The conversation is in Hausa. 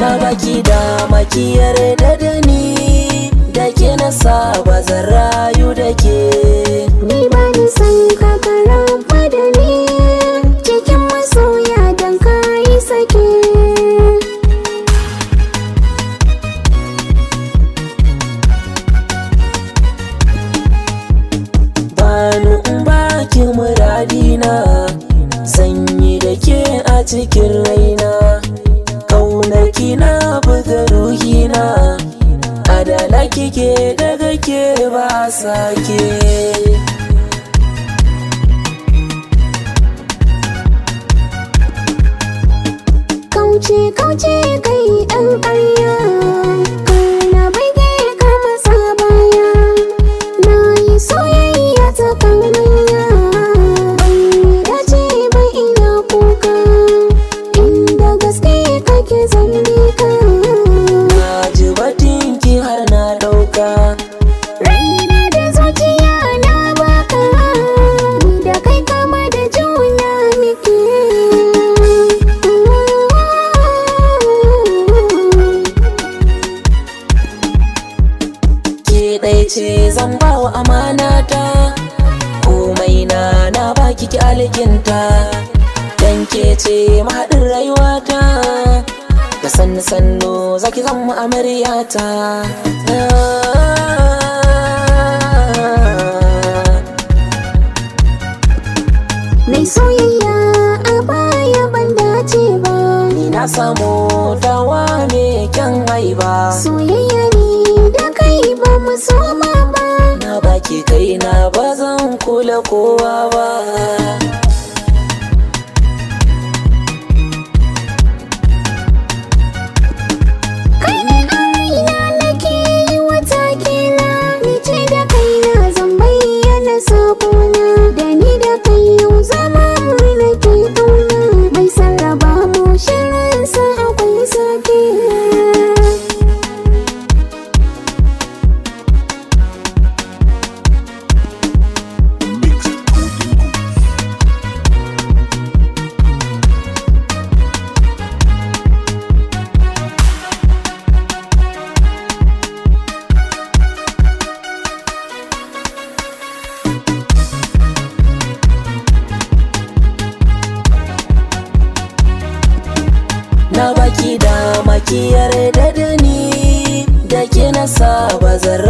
na baki da makiyar dadani da da ke na saba zarayu rayu da ke ni ba ni san kakara ba cikin masoya don kayi sake bani in muradina sanyi da ke a cikin rai kina buga ruhina adala kike daga ke ba sake kauce kauce kai dan kai zan bawa amana ta komai na na baki ki alkinta dan ke ce mahaɗin rayuwata da sannu sannu zaki zama amaryata mai soyayya a baya ban dace ba ni na samu dawa mai kyan haiba soyayya ne da kai ba mu ki kaina ba zan kula kowa ba na baki dama ki yarda da ni da ki na